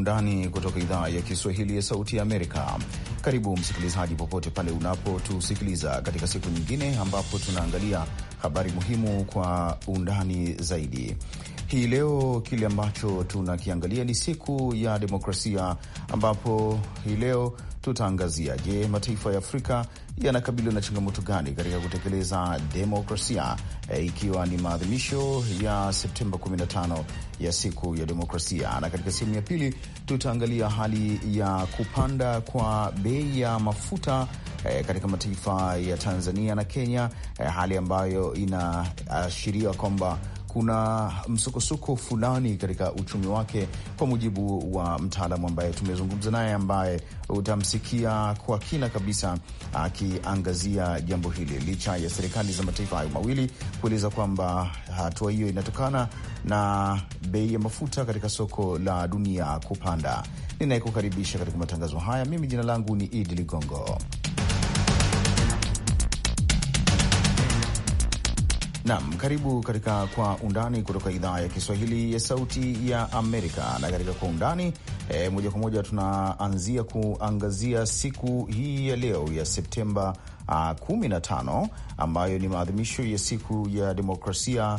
undani kutoka idhaa ya Kiswahili ya Sauti ya Amerika. Karibu msikilizaji, popote pale unapotusikiliza katika siku nyingine ambapo tunaangalia habari muhimu kwa undani zaidi. Hii leo kile ambacho tunakiangalia ni siku ya demokrasia, ambapo hii leo tutaangazia, je, mataifa ya Afrika yanakabiliwa na changamoto gani katika kutekeleza demokrasia e, ikiwa ni maadhimisho ya Septemba 15 ya siku ya demokrasia. Na katika sehemu ya pili tutaangalia hali ya kupanda kwa bei ya mafuta e, katika mataifa ya Tanzania na Kenya e, hali ambayo inaashiria kwamba kuna msukosuko fulani katika uchumi wake, kwa mujibu wa mtaalamu ambaye tumezungumza naye, ambaye utamsikia kwa kina kabisa akiangazia jambo hili, licha ya serikali za mataifa hayo mawili kueleza kwamba hatua hiyo inatokana na bei ya mafuta katika soko la dunia kupanda. Ninayekukaribisha katika matangazo haya mimi, jina langu ni Idi Ligongo. nam karibu katika Kwa Undani kutoka idhaa ya Kiswahili ya Sauti ya Amerika. Na katika Kwa Undani e, moja kwa moja tunaanzia kuangazia siku hii ya leo ya Septemba 15 ambayo ni maadhimisho ya siku ya demokrasia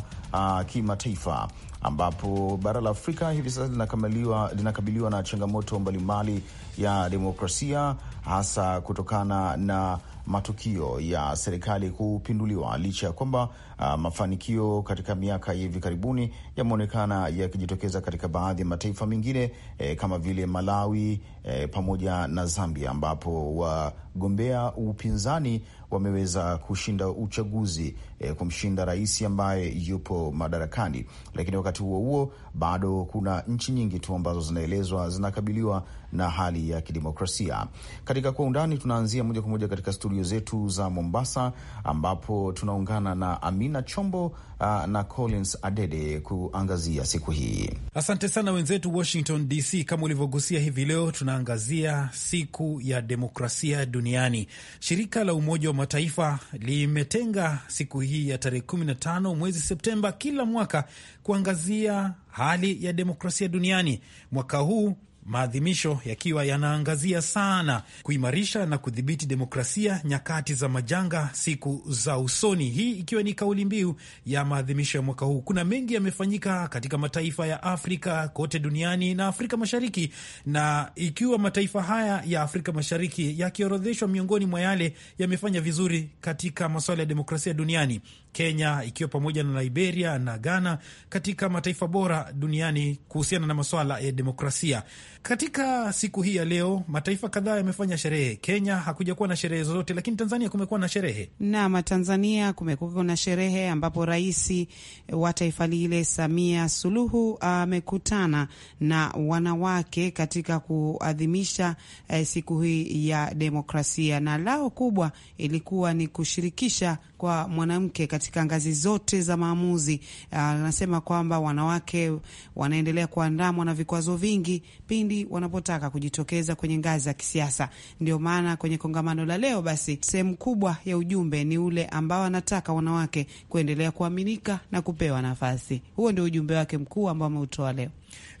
kimataifa ambapo bara la Afrika hivi sasa linakabiliwa, linakabiliwa na changamoto mbalimbali ya demokrasia hasa kutokana na matukio ya serikali kupinduliwa licha ya kwamba Uh, mafanikio katika miaka ya hivi karibuni yameonekana yakijitokeza katika baadhi ya mataifa mengine eh, kama vile Malawi eh, pamoja na Zambia ambapo wagombea upinzani wameweza kushinda uchaguzi eh, kumshinda rais ambaye yupo madarakani. Lakini wakati huo huo bado kuna nchi nyingi tu ambazo zinaelezwa zinakabiliwa na hali ya kidemokrasia. Katika kwa undani, tunaanzia moja kwa moja katika studio zetu za Mombasa ambapo tunaungana na Amir Amina Chombo uh, na Collins Adede kuangazia siku hii. Asante sana wenzetu Washington DC. Kama ulivyogusia hivi leo, tunaangazia siku ya demokrasia duniani. Shirika la Umoja wa Mataifa limetenga siku hii ya tarehe 15 mwezi Septemba kila mwaka kuangazia hali ya demokrasia duniani. Mwaka huu maadhimisho yakiwa yanaangazia sana kuimarisha na kudhibiti demokrasia nyakati za majanga siku za usoni, hii ikiwa ni kauli mbiu ya maadhimisho ya mwaka huu. Kuna mengi yamefanyika katika mataifa ya Afrika kote duniani na Afrika Mashariki, na ikiwa mataifa haya ya Afrika Mashariki yakiorodheshwa miongoni mwa yale yamefanya vizuri katika masuala ya demokrasia duniani, Kenya ikiwa pamoja na Liberia na Ghana katika mataifa bora duniani kuhusiana na masuala ya demokrasia. Katika siku hii ya leo, mataifa kadhaa yamefanya sherehe. Kenya hakuja kuwa na sherehe zozote, lakini Tanzania kumekuwa na sherehe. Naam, Tanzania kumekuwa na sherehe ambapo rais eh, wa taifa lile Samia Suluhu amekutana na wanawake katika kuadhimisha eh, siku hii ya demokrasia, na lao kubwa ilikuwa ni kushirikisha kwa mwanamke katika ngazi zote za maamuzi. Ah, anasema uh, kwamba wanawake wanaendelea kuandamwa na vikwazo vingi pindi wanapotaka kujitokeza kwenye ngazi za kisiasa. Ndio maana kwenye kongamano la leo, basi sehemu kubwa ya ujumbe ni ule ambao anataka wanawake kuendelea kuaminika na kupewa nafasi. Huo ndio ujumbe wake mkuu ambao ameutoa leo.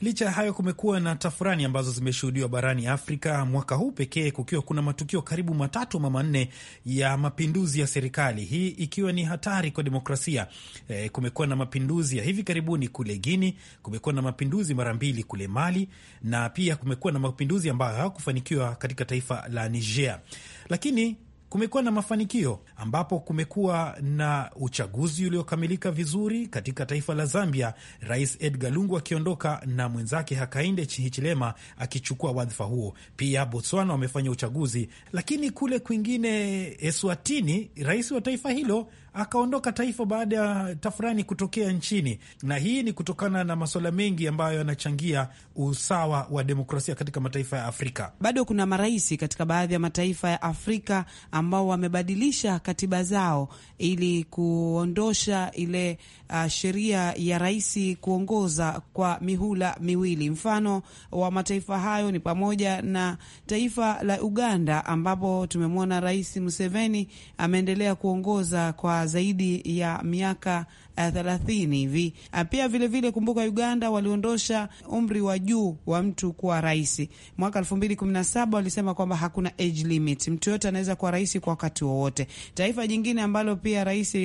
Licha ya hayo, kumekuwa na tafurani ambazo zimeshuhudiwa barani Afrika mwaka huu pekee, kukiwa kuna matukio karibu matatu ama manne ya mapinduzi ya serikali, hii ikiwa ni hatari kwa demokrasia. E, kumekuwa na mapinduzi ya hivi karibuni kule Guini, kumekuwa na mapinduzi mara mbili kule Mali, na pia kumekuwa na mapinduzi ambayo hawakufanikiwa katika taifa la Niger, lakini kumekuwa na mafanikio ambapo kumekuwa na uchaguzi uliokamilika vizuri katika taifa la Zambia, Rais Edgar Lungu akiondoka na mwenzake Hakainde Hichilema akichukua wadhifa huo. Pia Botswana wamefanya uchaguzi, lakini kule kwingine Eswatini, rais wa taifa hilo akaondoka taifa baada ya tafurani kutokea nchini, na hii ni kutokana na masuala mengi ambayo yanachangia usawa wa demokrasia katika mataifa ya Afrika. Bado kuna marais katika baadhi ya mataifa ya Afrika ambao wamebadilisha katiba zao ili kuondosha ile uh, sheria ya rais kuongoza kwa mihula miwili. Mfano wa mataifa hayo ni pamoja na taifa la Uganda ambapo tumemwona Rais Museveni ameendelea kuongoza kwa zaidi ya miaka eh, thelathini hivi. Ah, pia vilevile, kumbuka Uganda waliondosha umri wa juu wa mtu kuwa rais mwaka elfu mbili kumi na saba. Walisema kwamba hakuna age limit, mtu yote anaweza kuwa rais kwa wakati wowote. Taifa jingine ambalo pia rais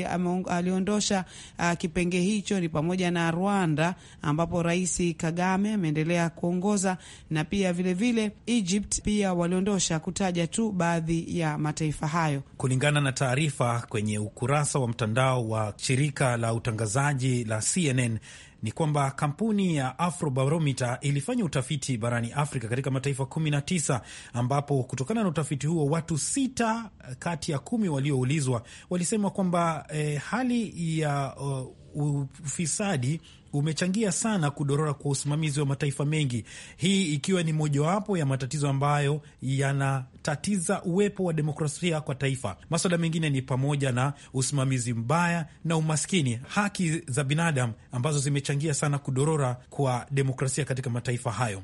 aliondosha uh, kipenge hicho ni pamoja na Rwanda, ambapo Rais Kagame ameendelea kuongoza na pia vilevile vile, Egypt pia waliondosha, kutaja tu baadhi ya mataifa hayo kulingana na taarifa kwenye ukurasa ukurasa wa mtandao wa shirika la utangazaji la CNN ni kwamba kampuni ya Afrobarometer ilifanya utafiti barani Afrika katika mataifa 19 ambapo kutokana na utafiti huo watu sita eh, kati ya kumi walioulizwa walisema kwamba eh, hali ya uh, ufisadi umechangia sana kudorora kwa usimamizi wa mataifa mengi, hii ikiwa ni mojawapo ya matatizo ambayo yanatatiza uwepo wa demokrasia kwa taifa. Maswala mengine ni pamoja na usimamizi mbaya na umaskini, haki za binadamu ambazo zimechangia sana kudorora kwa demokrasia katika mataifa hayo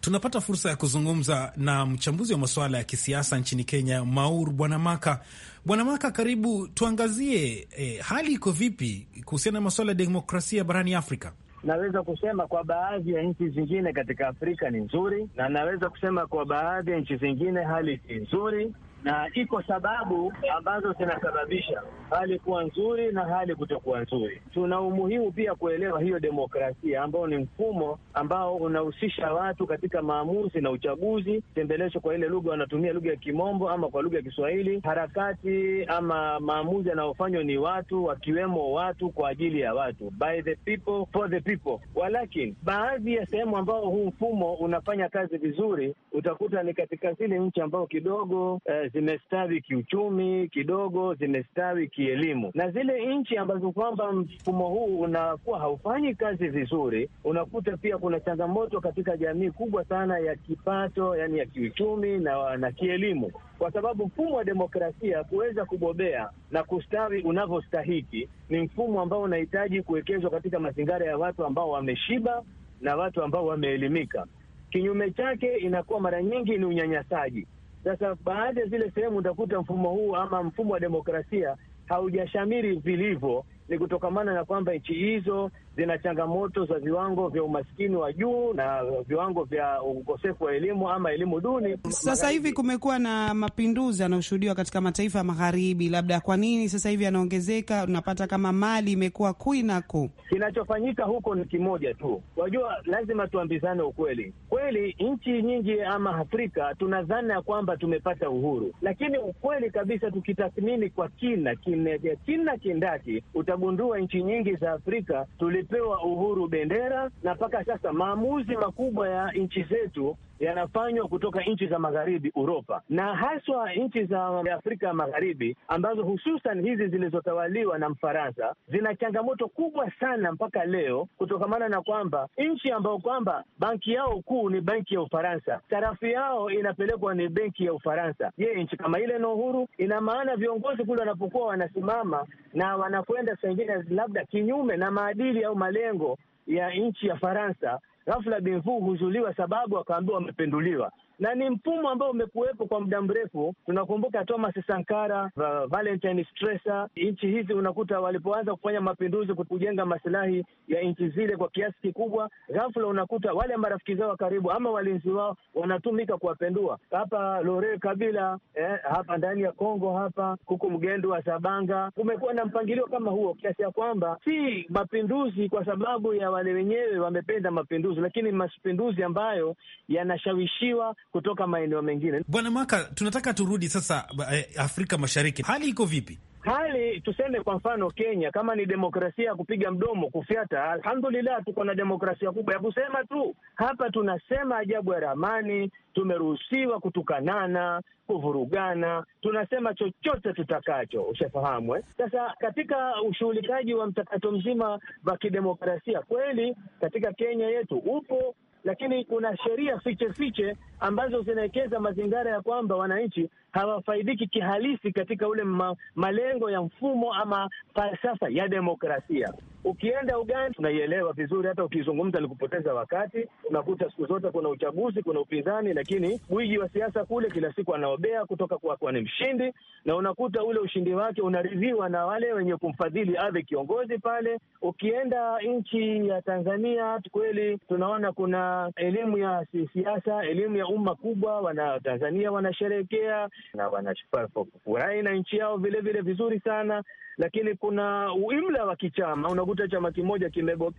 tunapata fursa ya kuzungumza na mchambuzi wa masuala ya kisiasa nchini Kenya, Maur Bwanamaka. Bwanamaka, karibu. Tuangazie eh, hali iko vipi kuhusiana na masuala ya demokrasia barani Afrika? Naweza kusema kwa baadhi ya nchi zingine katika Afrika ni nzuri, na naweza kusema kwa baadhi ya nchi zingine hali si nzuri, na iko sababu ambazo zinasababisha hali kuwa nzuri na hali kutokuwa nzuri. Tuna umuhimu pia kuelewa hiyo demokrasia ambao ni mfumo ambao unahusisha watu katika maamuzi na uchaguzi, tembelesho kwa ile lugha wanatumia lugha ya Kimombo ama kwa lugha ya Kiswahili, harakati ama maamuzi yanayofanywa ni watu, wakiwemo watu kwa ajili ya watu, by the people for the people. Walakini baadhi ya sehemu ambao huu mfumo unafanya kazi vizuri, utakuta ni katika zile nchi ambao kidogo eh, zimestawi kiuchumi kidogo, zimestawi kielimu, na zile nchi ambazo kwamba mfumo huu unakuwa haufanyi kazi vizuri, unakuta pia kuna changamoto katika jamii kubwa sana ya kipato, yani ya kiuchumi na, na kielimu, kwa sababu mfumo wa demokrasia kuweza kubobea na kustawi unavyostahiki ni mfumo ambao unahitaji kuwekezwa katika mazingara ya watu ambao wameshiba na watu ambao wameelimika. Kinyume chake inakuwa mara nyingi ni unyanyasaji sasa baadhi ya zile sehemu utakuta mfumo huu ama mfumo wa demokrasia haujashamiri vilivyo, ni kutokamana na kwamba nchi hizo zina changamoto za viwango vya umaskini wa juu na viwango vya ukosefu wa elimu ama elimu duni. Sasa hivi kumekuwa na mapinduzi yanayoshuhudiwa katika mataifa ya magharibi, labda kwa nini sasa hivi yanaongezeka? Unapata kama mali imekuwa kui na ku. Kinachofanyika huko ni kimoja tu, wajua, lazima tuambizane ukweli. Kweli nchi nyingi ama Afrika tuna dhana ya kwamba tumepata uhuru, lakini ukweli kabisa, tukitathmini kwa kina kina, kina kindaki, utagundua nchi nyingi za Afrika tuli tulipewa uhuru bendera, na mpaka sasa maamuzi makubwa ya nchi zetu yanafanywa kutoka nchi za magharibi Uropa, na haswa nchi za Afrika ya magharibi ambazo hususan hizi zilizotawaliwa na Mfaransa zina changamoto kubwa sana mpaka leo, kutokamana na kwamba nchi ambayo kwamba banki yao kuu ni benki ya Ufaransa, sarafu yao inapelekwa ni benki ya Ufaransa. Je, nchi kama ile na uhuru, ina maana viongozi kule wanapokuwa wanasimama na wanakwenda saa ingine labda kinyume na maadili au malengo ya nchi ya Faransa ghafla binvu huzuliwa sababu akaambiwa wamependuliwa na ni mfumo ambao umekuwepo kwa muda mrefu. Tunakumbuka Thomas Sankara, Valentine Stresa, nchi hizi unakuta walipoanza kufanya mapinduzi kujenga masilahi ya nchi zile kwa kiasi kikubwa, ghafula unakuta wale marafiki zao wa karibu ama walinzi wao wanatumika kuwapendua. Hapa lore Kabila eh, hapa ndani ya Kongo hapa huku mgendo wa Sabanga kumekuwa na mpangilio kama huo, kiasi ya kwamba si mapinduzi kwa sababu ya wale wenyewe wamependa mapinduzi, lakini mapinduzi ambayo yanashawishiwa kutoka maeneo mengine. Bwana Maka, tunataka turudi sasa eh, Afrika Mashariki, hali iko vipi? Hali tuseme kwa mfano Kenya, kama ni demokrasia ya kupiga mdomo kufyata, alhamdulillah, tuko na demokrasia kubwa ya kusema tu. Hapa tunasema ajabu ya ramani, tumeruhusiwa kutukanana, kuvurugana, tunasema chochote tutakacho, ushafahamu eh? Sasa katika ushughulikaji wa mchakato mzima wa kidemokrasia, kweli katika Kenya yetu upo lakini kuna sheria fiche fiche ambazo zinawekeza mazingira ya kwamba wananchi hawafaidiki kihalisi katika ule ma, malengo ya mfumo ama falsafa ya demokrasia. Ukienda Uganda tunaielewa vizuri, hata ukizungumza ni kupoteza wakati. Unakuta siku zote kuna uchaguzi, kuna upinzani, lakini gwiji wa siasa kule kila siku anaobea kutoka kwa kuwa ni mshindi, na unakuta ule ushindi wake unaridhiwa na wale wenye kumfadhili adhi kiongozi pale. Ukienda nchi ya Tanzania, kweli tunaona kuna elimu ya siasa, elimu ya umma kubwa, wana Tanzania wanasherehekea na wanachukua furahi na nchi yao vilevile vile vizuri sana, lakini kuna uimla wa kichama. Unakuta chama kimoja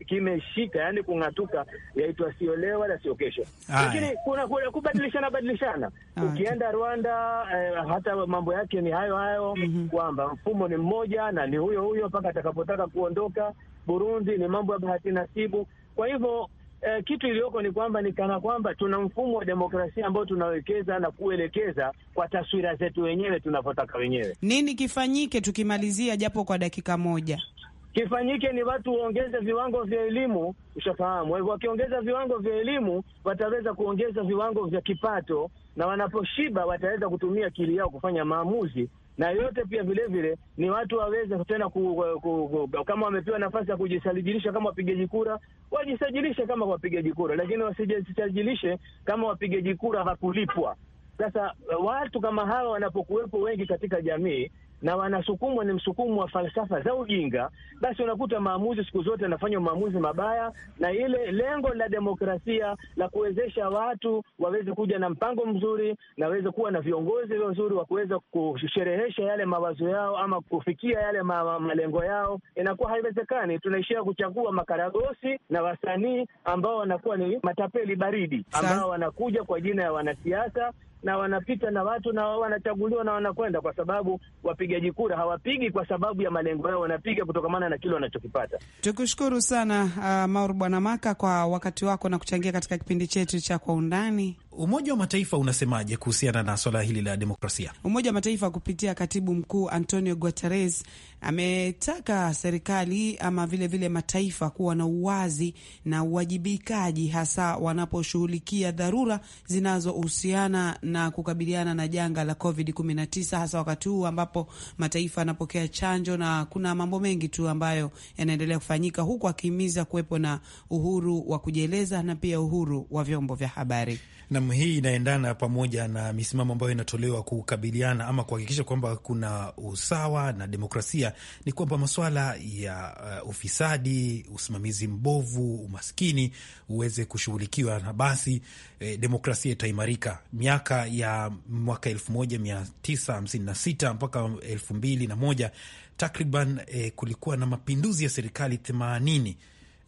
kimeshika, yani kung'atuka, yaitwa sio leo wala sio kesho, lakini kuna, kuna kubadilishana badilishana. Ukienda Rwanda eh, hata mambo yake ni hayo hayo mm -hmm. kwamba mfumo ni mmoja na ni huyo huyo mpaka atakapotaka kuondoka. Burundi ni mambo ya bahati nasibu. Kwa hivyo eh, kitu iliyoko ni kwamba ni kana kwamba tuna mfumo wa demokrasia ambao tunawekeza na kuelekeza kwa taswira zetu wenyewe tunavyotaka wenyewe. Nini kifanyike, tukimalizia japo kwa dakika moja? Kifanyike ni watu waongeze viwango vya elimu, ushafahamu. Kwa hivyo wakiongeza viwango vya elimu wataweza kuongeza viwango vya kipato, na wanaposhiba wataweza kutumia akili yao kufanya maamuzi na yote pia vile vile, ni watu waweze tena ku, ku, ku, kama wamepewa nafasi ya kujisajilisha kama wapigaji kura wajisajilishe kama wapigaji kura, lakini wasijisajilishe kama wapigaji kura hakulipwa. Sasa watu kama hawa wanapokuwepo wengi katika jamii na wanasukumwa ni msukumo wa falsafa za ujinga, basi unakuta maamuzi siku zote yanafanywa maamuzi mabaya, na ile lengo la demokrasia la kuwezesha watu waweze kuja na mpango mzuri na waweze kuwa na viongozi wazuri wa kuweza kusherehesha yale mawazo yao ama kufikia yale ma ma malengo yao, inakuwa haiwezekani. Tunaishia kuchagua makaragosi na wasanii ambao wanakuwa ni matapeli baridi ambao wanakuja kwa jina ya wanasiasa na wanapita na watu na wanachaguliwa na wanakwenda, kwa sababu wapigaji kura hawapigi kwa sababu ya malengo yao, wanapiga kutokamana na kile wanachokipata. Tukushukuru sana uh, Maur Bwana Maka kwa wakati wako na kuchangia katika kipindi chetu cha Kwa Undani. Umoja wa Mataifa unasemaje kuhusiana na swala hili la demokrasia? Umoja wa Mataifa kupitia katibu mkuu Antonio Guterres ametaka serikali ama vilevile vile mataifa kuwa na uwazi na uwajibikaji, hasa wanaposhughulikia dharura zinazohusiana na kukabiliana na janga la COVID-19, hasa wakati huu ambapo mataifa yanapokea chanjo na kuna mambo mengi tu ambayo yanaendelea kufanyika, huku akihimiza kuwepo na uhuru wa kujieleza na pia uhuru wa vyombo vya habari. Nam, hii inaendana pamoja na misimamo ambayo inatolewa kukabiliana ama kuhakikisha kwamba kuna usawa na demokrasia, ni kwamba masuala ya uh, ufisadi, usimamizi mbovu, umaskini uweze kushughulikiwa, na basi eh, demokrasia itaimarika. Miaka ya mwaka elfu moja mia tisa hamsini na sita mpaka elfu mbili na moja takriban eh, kulikuwa na mapinduzi ya serikali themanini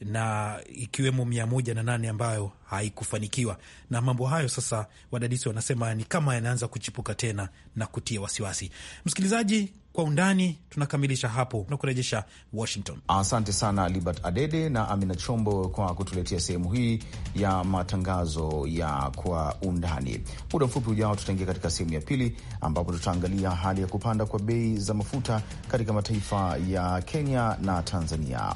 na ikiwemo mia moja na nane ambayo haikufanikiwa. Na mambo hayo sasa wadadisi wanasema ni kama yanaanza kuchipuka tena na kutia wasiwasi. Msikilizaji, kwa undani tunakamilisha hapo na kurejesha Washington. Asante sana Libert Adede na Amina Chombo kwa kutuletea sehemu hii ya matangazo ya kwa undani. Muda mfupi ujao, tutaingia katika sehemu ya pili ambapo tutaangalia hali ya kupanda kwa bei za mafuta katika mataifa ya Kenya na Tanzania.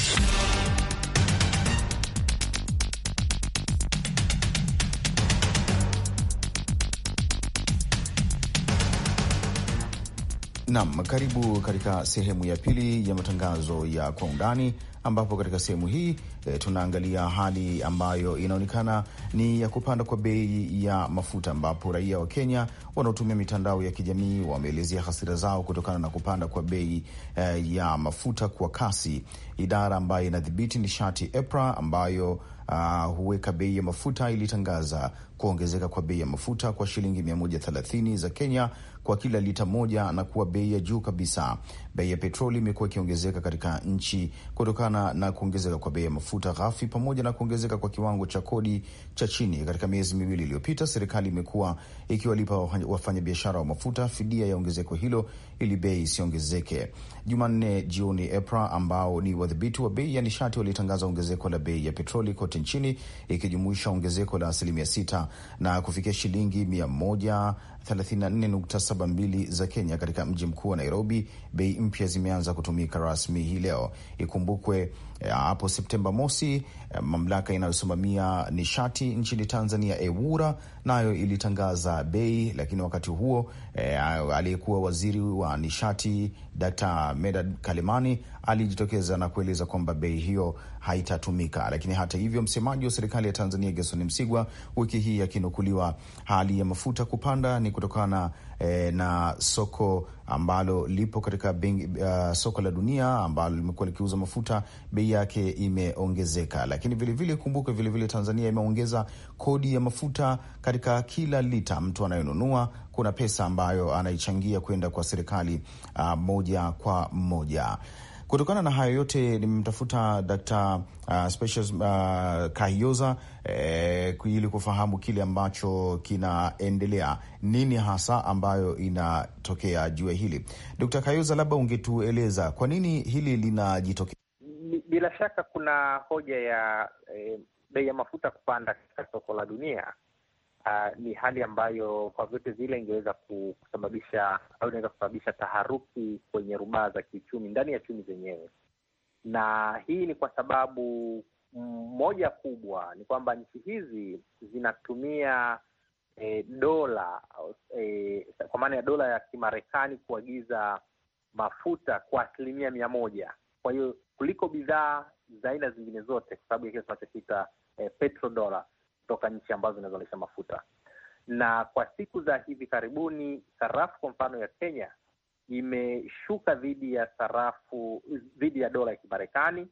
Nam, karibu katika sehemu ya pili ya matangazo ya kwa undani, ambapo katika sehemu hii e, tunaangalia hali ambayo inaonekana ni ya kupanda kwa bei ya mafuta, ambapo raia wa Kenya wanaotumia mitandao ya kijamii wameelezea hasira zao kutokana na kupanda kwa bei e, ya mafuta kwa kasi. Idara ambayo inadhibiti nishati EPRA ambayo Uh, huweka bei ya mafuta ilitangaza kuongezeka kwa bei ya mafuta kwa shilingi 130 za Kenya kwa kila lita moja na kuwa bei ya juu kabisa. Bei ya petroli imekuwa ikiongezeka katika nchi kutokana na kuongezeka kwa bei ya mafuta ghafi pamoja na kuongezeka kwa kiwango cha kodi cha chini. Katika miezi miwili iliyopita, serikali imekuwa ikiwalipa wafanyabiashara wa mafuta fidia ya ongezeko hilo ili bei isiongezeke. Jumanne jioni, EPRA ambao ni wadhibiti wa bei ya nishati walitangaza ongezeko la bei ya petroli kote nchini ikijumuisha ongezeko la asilimia sita na kufikia shilingi mia moja thelathini na nne nukta 72 za Kenya katika mji mkuu wa Nairobi, bei mpya zimeanza kutumika rasmi hii leo. Ikumbukwe eh, hapo Septemba mosi, eh, mamlaka inayosimamia nishati nchini Tanzania, EWURA, nayo ilitangaza bei, lakini wakati huo E, aliyekuwa waziri wa nishati Dkt. Medad Kalemani alijitokeza na kueleza kwamba bei hiyo haitatumika. Lakini hata hivyo, msemaji wa serikali ya Tanzania Gerson Msigwa wiki hii akinukuliwa, hali ya mafuta kupanda ni kutokana e, na soko ambalo lipo katika uh, soko la dunia ambalo limekuwa likiuza mafuta, bei yake imeongezeka. Lakini vilevile kumbuke, vilevile Tanzania imeongeza kodi ya mafuta katika kila lita mtu anayenunua kuna pesa ambayo anaichangia kwenda kwa serikali uh, moja kwa moja. Kutokana na hayo yote nimemtafuta d uh, Specials uh, Kahioza eh, ili kufahamu kile ambacho kinaendelea, nini hasa ambayo inatokea juu ya hili. Daktari Kahioza, labda ungetueleza kwa nini hili linajitokea? Bila shaka kuna hoja ya eh, bei ya mafuta kupanda katika soko la dunia uh, ni hali ambayo kwa vyote vile ingeweza kusababisha au inaweza kusababisha taharuki kwenye rubaa za kiuchumi ndani ya chumi zenyewe, na hii ni kwa sababu moja kubwa ni kwamba nchi hizi zinatumia e, dola e, kwa maana ya dola ya Kimarekani kuagiza mafuta kwa asilimia mia moja kwa hiyo kuliko bidhaa za aina zingine zote, kwa sababu ya kile tunachokita e, petrodola kutoka nchi ambazo zinazalisha mafuta. Na kwa siku za hivi karibuni, sarafu kwa mfano ya Kenya imeshuka dhidi ya sarafu dhidi ya dola ya Kimarekani,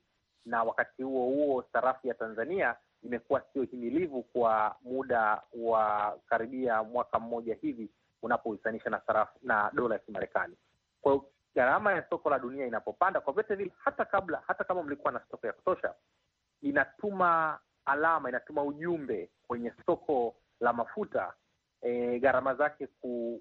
na wakati huo huo sarafu ya Tanzania imekuwa sio himilivu kwa muda wa karibia mwaka mmoja hivi unapohusanisha na sarafu na dola ya Kimarekani. Kwa hiyo gharama ya soko la dunia inapopanda kwa vyote vile, hata kabla hata kama mlikuwa na stoko ya kutosha, inatuma alama, inatuma ujumbe kwenye soko la mafuta e, gharama zake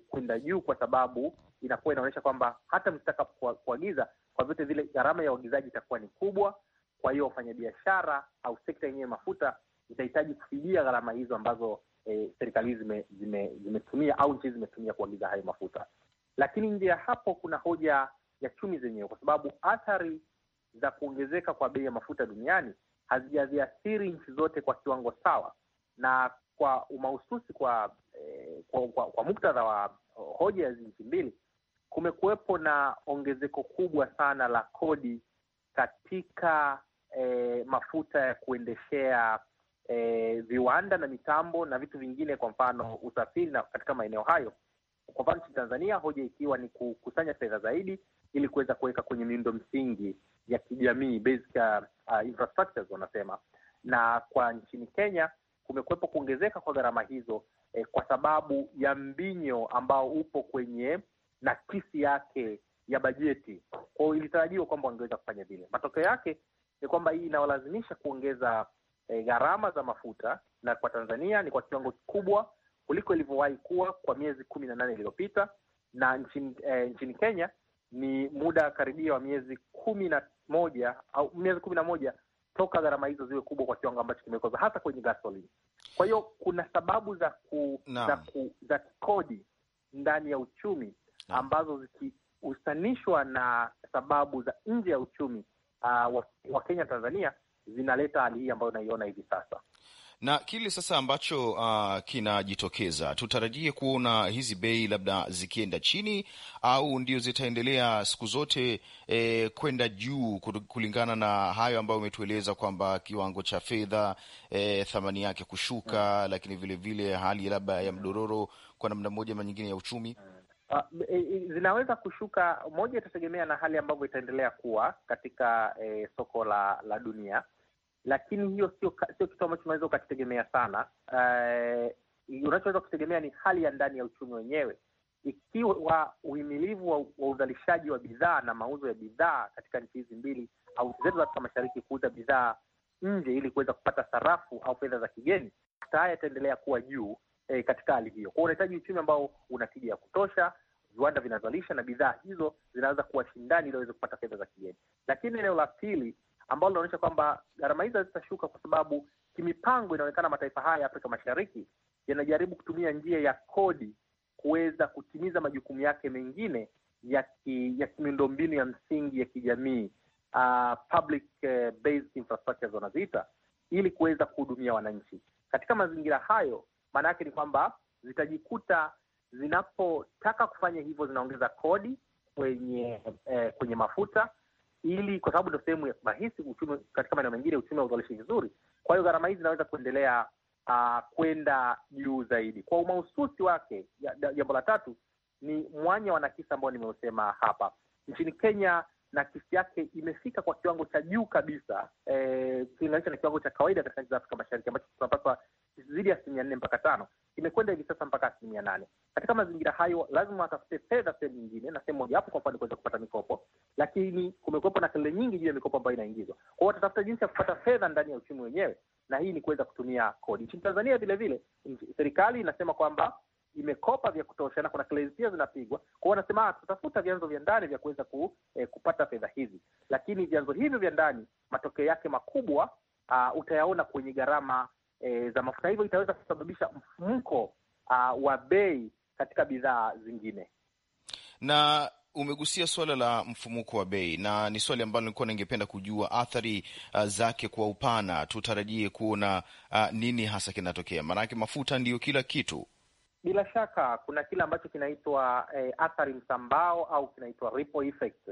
kwenda juu, kwa sababu inakuwa inaonyesha kwamba hata mkitaka kuagiza kwa, vyote vile gharama ya uagizaji itakuwa ni kubwa. Kwa hiyo wafanyabiashara au sekta yenyewe mafuta itahitaji kufidia gharama hizo ambazo e, serikali zime, zime, zimetumia au nchi zimetumia kuagiza hayo mafuta. Lakini nje ya hapo kuna hoja ya chumi zenyewe, kwa sababu athari za kuongezeka kwa bei ya mafuta duniani hazijaziathiri nchi zote kwa kiwango sawa, na kwa umahususi kwa, eh, kwa, kwa, kwa muktadha wa hoja ya hizi nchi mbili, kumekuwepo na ongezeko kubwa sana la kodi katika eh, mafuta ya kuendeshea eh, viwanda na mitambo na vitu vingine, kwa mfano usafiri na katika maeneo hayo. Kwa mfano nchini Tanzania, hoja ikiwa ni kukusanya fedha zaidi ili kuweza kuweka kwenye miundo msingi ya kijamii basic uh, infrastructures wanasema. Na kwa nchini Kenya kumekuwepo kuongezeka kwa gharama hizo eh, kwa sababu ya mbinyo ambao upo kwenye nakisi yake ya bajeti. Kwa hiyo ilitarajiwa kwamba wangeweza kufanya vile. Matokeo yake ni kwamba hii inawalazimisha kuongeza eh, gharama za mafuta, na kwa Tanzania ni kwa kiwango kikubwa kuliko ilivyowahi kuwa kwa miezi kumi na nane iliyopita na nchini, eh, nchini Kenya ni muda karibia wa miezi kumi na moja au miezi kumi na moja toka gharama hizo ziwe kubwa kwa kiwango ambacho kimekoza hasa kwenye gasoline. Kwa hiyo kuna sababu za ku, no. za, ku, za kikodi ndani ya uchumi no. ambazo zikihusanishwa na sababu za nje ya uchumi uh, wa, wa Kenya Tanzania zinaleta hali hii ambayo unaiona hivi sasa na kile sasa ambacho uh, kinajitokeza, tutarajie kuona hizi bei labda zikienda chini au ndio zitaendelea siku zote eh, kwenda juu kulingana na hayo ambayo umetueleza kwamba kiwango cha fedha eh, thamani yake kushuka hmm. Lakini vilevile vile hali labda ya mdororo kwa namna moja ama nyingine ya uchumi hmm. uh, zinaweza kushuka. Moja itategemea na hali ambavyo itaendelea kuwa katika eh, soko la, la dunia lakini hiyo sio sio kitu ambacho unaweza ukakitegemea sana. Uh, unachoweza kutegemea ni hali ya ndani ya uchumi wenyewe. Ikiwa uhimilivu wa, wa uzalishaji wa bidhaa na mauzo ya bidhaa katika nchi hizi mbili au nchi zetu za Afrika Mashariki kuuza bidhaa nje ili kuweza kupata sarafu au fedha za kigeni, tayari yataendelea kuwa juu eh, katika hali hiyo. Kwa hiyo unahitaji uchumi ambao una tija ya kutosha, viwanda vinazalisha na bidhaa hizo zinaweza kuwa shindani ili waweze kupata fedha za kigeni. Lakini eneo la pili ambalo linaonyesha kwamba gharama hizo zitashuka kwa sababu kimipango inaonekana mataifa haya ya Afrika Mashariki yanajaribu kutumia njia ya kodi kuweza kutimiza majukumu yake mengine ya ki, ya kimiundombinu ya msingi ya kijamii uh, public uh, based wanaziita, ili kuweza kuhudumia wananchi. Katika mazingira hayo, maana yake ni kwamba zitajikuta zinapotaka kufanya hivyo, zinaongeza kodi kwenye eh, kwenye mafuta ili kwa sababu ndio sehemu ya uchumi katika maeneo mengine, uchumi hauzalishi vizuri. Kwa hiyo gharama hizi zinaweza kuendelea uh, kwenda juu zaidi. Kwa umahususi wake, jambo la tatu ni mwanya wa nakisa ambao nimeusema hapa nchini Kenya na kisi yake imefika kwa kiwango cha juu kabisa e, na kiwango cha kawaida katika nchi za Afrika Mashariki ambacho tunapaswa zidi ya asilimia nne mpaka tano imekwenda hivi sasa mpaka asilimia nane. Katika mazingira hayo, lazima watafute fedha sehemu nyingine, na sehemu mojawapo kwa mfano kuweza kupata mikopo, lakini kumekuwepo na kelele nyingi juu ya mikopo ambayo inaingizwa. Kwa hiyo watatafuta jinsi ya kupata fedha ndani ya uchumi wenyewe, na hii ni kuweza kutumia kodi. Nchini Tanzania vilevile serikali inasema kwamba imekopa vya kutosha na kuna claims pia zinapigwa kwao, wanasema ah, tutafuta vyanzo vya ndani vya kuweza ku, eh, kupata fedha hizi, lakini vyanzo hivyo vya ndani matokeo yake makubwa uh, utayaona kwenye gharama eh, za mafuta, hivyo itaweza kusababisha mfumko uh, wa bei katika bidhaa zingine na umegusia suala la mfumuko wa bei na ni swali ambalo nilikuwa ningependa kujua athari uh, zake kwa upana. Tutarajie kuona uh, nini hasa kinatokea, maanake mafuta ndiyo kila kitu. Bila shaka kuna kile ambacho kinaitwa eh, athari msambao au kinaitwa ripple effect.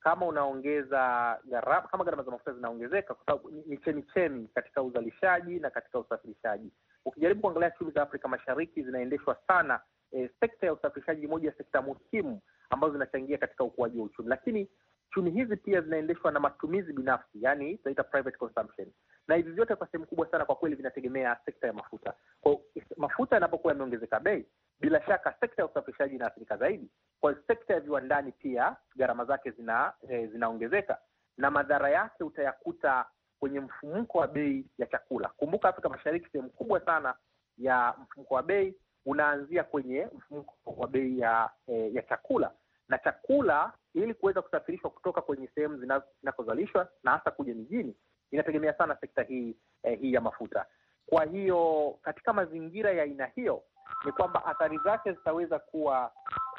Kama unaongeza gharama, kama gharama za mafuta zinaongezeka, kwa sababu ni cheni katika uzalishaji na katika usafirishaji. Ukijaribu kuangalia shughuli za Afrika Mashariki zinaendeshwa sana eh, sekta ya usafirishaji moja ya sekta muhimu ambazo zinachangia katika ukuaji wa uchumi, lakini chumi hizi pia zinaendeshwa na matumizi binafsi, yani tunaita private consumption na hivi vyote kwa sehemu kubwa sana kwa kweli vinategemea sekta ya mafuta. Kwa mafuta yanapokuwa yameongezeka bei, bila shaka sekta ya usafirishaji inaathirika zaidi. Kwa sekta ya viwandani pia gharama zake zina eh, zinaongezeka na madhara yake utayakuta kwenye mfumuko wa bei ya chakula. Kumbuka Afrika Mashariki, sehemu kubwa sana ya mfumuko wa bei unaanzia kwenye mfumuko wa bei ya eh, ya chakula na chakula ili kuweza kusafirishwa kutoka kwenye sehemu zinazozalishwa na hasa kuja mijini inategemea sana sekta hii eh, hii ya mafuta. Kwa hiyo katika mazingira ya aina hiyo ni kwamba athari zake zitaweza kuwa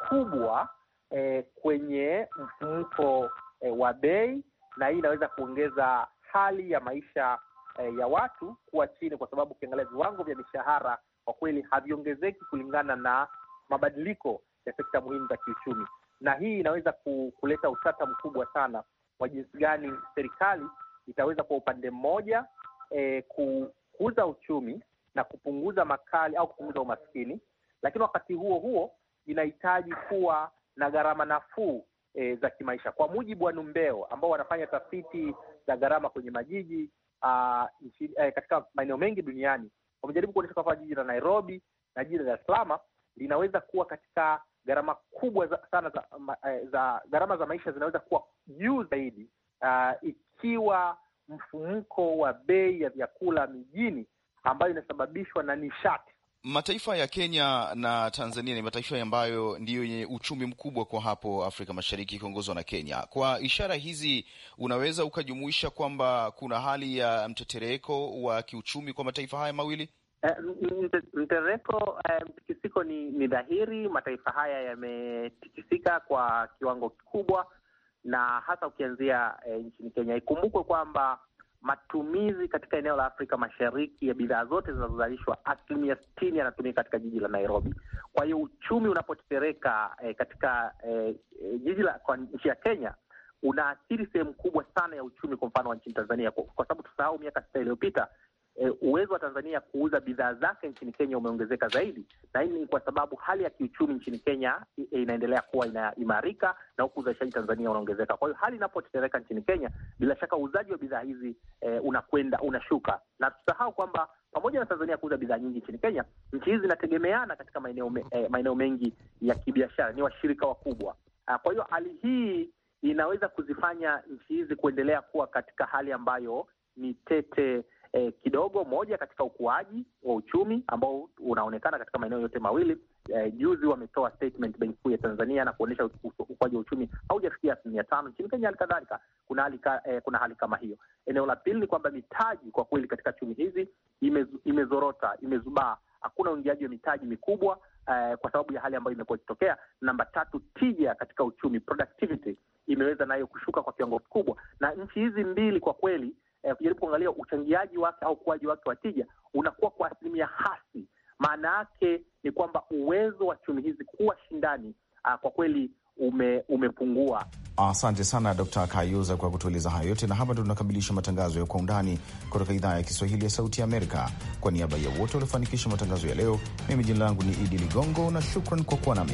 kubwa eh, kwenye mfumuko eh, wa bei, na hii inaweza kuongeza hali ya maisha eh, ya watu kuwa chini, kwa sababu ukiangalia viwango vya mishahara kwa kweli haviongezeki kulingana na mabadiliko ya sekta muhimu za kiuchumi, na hii inaweza kuleta utata mkubwa sana wa jinsi gani serikali itaweza kwa upande mmoja e, kukuza uchumi na kupunguza makali au kupunguza umaskini, lakini wakati huo huo inahitaji kuwa na gharama nafuu e, za kimaisha. Kwa mujibu wa Numbeo ambao wanafanya tafiti za gharama kwenye majiji a, ah, nchi, eh, katika maeneo mengi duniani wamejaribu kuonyesha kwamba jiji la na Nairobi na jiji la Dar es Salaam linaweza kuwa katika gharama kubwa za, sana za, ma, za gharama za maisha zinaweza kuwa juu zaidi uh, ikiwa mfumuko wa bei ya vyakula mijini ambayo inasababishwa na nishati. Mataifa ya Kenya na Tanzania ni mataifa ambayo ndiyo yenye uchumi mkubwa kwa hapo Afrika Mashariki ikiongozwa na Kenya. Kwa ishara hizi, unaweza ukajumuisha kwamba kuna hali ya mtetereko wa kiuchumi kwa mataifa haya mawili? Eh, mtetereko, eh, mtikisiko ni, ni dhahiri mataifa haya yametikisika kwa kiwango kikubwa, na hasa ukianzia e, nchini Kenya. Ikumbukwe kwamba matumizi katika eneo la Afrika Mashariki ya bidhaa zote zinazozalishwa asilimia sitini yanatumika katika jiji la Nairobi. Kwa hiyo uchumi unapotetereka e, katika e, jiji la kwa nchi ya Kenya unaathiri sehemu kubwa sana ya uchumi, kwa mfano wa nchini Tanzania, kwa sababu tusahau miaka sita iliyopita e, uwezo wa Tanzania kuuza bidhaa zake nchini Kenya umeongezeka zaidi, na hii ni kwa sababu hali ya kiuchumi nchini Kenya e, inaendelea kuwa inaimarika na huku uzalishaji Tanzania unaongezeka. Kwa hiyo hali inapotetereka nchini Kenya, bila shaka uuzaji wa bidhaa hizi e, unakwenda unashuka, na tusahau kwamba pamoja na Tanzania kuuza bidhaa nyingi nchini Kenya, nchi hizi zinategemeana katika maeneo me, eh, maeneo mengi ya kibiashara, ni washirika wakubwa. Ah, kwa hiyo hali hii inaweza kuzifanya nchi hizi kuendelea kuwa katika hali ambayo ni tete eh, kidogo moja katika ukuaji wa uchumi ambao unaonekana katika maeneo yote mawili. Eh, juzi wametoa statement Benki Kuu ya Tanzania na kuonyesha ukuaji wa uchumi haujafikia asilimia tano nchini Kenya. Hali kadhalika kuna hali eh, kuna hali kama hiyo. Eneo la pili ni kwamba mitaji kwa kweli katika chumi hizi imez, imezorota imezubaa, hakuna uingiaji wa mitaji mikubwa eh, kwa sababu ya hali ambayo imekuwa ikitokea. Namba tatu, tija katika uchumi productivity imeweza nayo kushuka kwa kiwango kikubwa, na nchi hizi mbili kwa kweli Eh, kujaribu kuangalia uchangiaji wake au ukuaji wake wa tija unakuwa kwa asilimia hasi. Maana yake ni kwamba uwezo wa chumi hizi kuwa shindani uh, kwa kweli ume, umepungua. Asante sana Dkt. Kayuza kwa kutueleza hayo yote, na hapa ndo tunakamilisha matangazo ya kwa undani kutoka idhaa ya Kiswahili ya Sauti ya Amerika. Kwa niaba ya wote waliofanikisha matangazo ya leo, mimi jina langu ni Idi Ligongo na shukran kwa kuwa nami.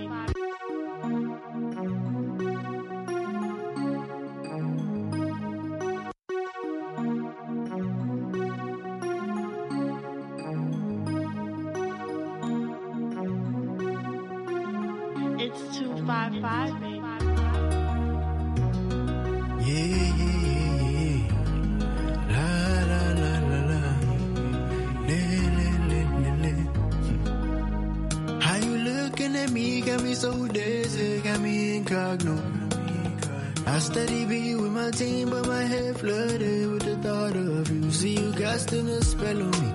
it's baby. Yeah, yeah, yeah, La, la, la, la, la. Le, le, le, le, le. How you looking at me? Got me so dizzy, got me incognito. I steady be with my team, but my head flooded with the thought of you. See, you got still a spell on me.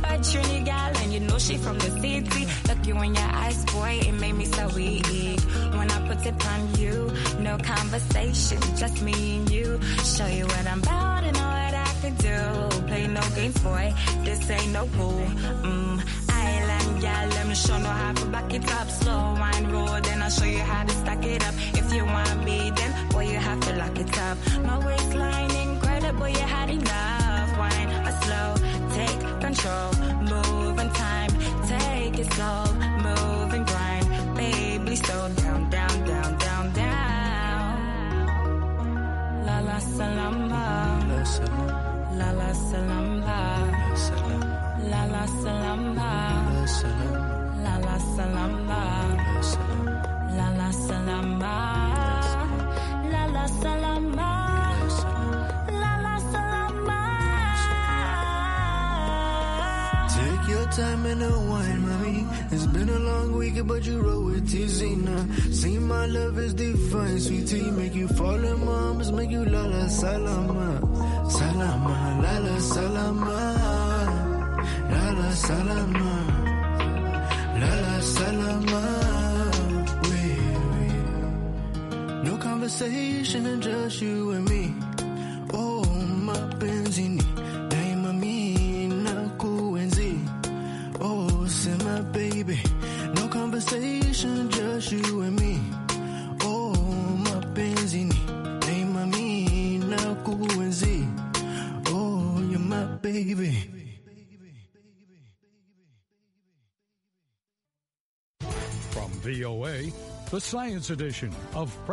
But you're Trini gal, and you know she from the city. Look you in your eyes, boy, it made me so weak. When I put it on you, no conversation, just me and you. Show you what I'm about and all that I can do. Play no games, boy, this ain't no pool. Mm, island gal, let me show no how to back it up. Slow wine roll, then I'll show you how to stack it up. If you want me, then, boy, you have to lock it up. My waistline incredible, you had enough wine, a slow control. move Moving time, take it slow. Move and grind, baby, slow down, down, down, down, down. La la salama. La la salama. La la salama. La la salama. La la salama. La la salama. Take your time and unwind, mommy. It's been a long week, but you roll with TZ Zena. See, my love is divine, sweetie. Make you fall in love, arms, make you lala salama. Salama, lala salama. lala salama. La salama. Wait, wait. No conversation, just you and me the Science Edition of Press.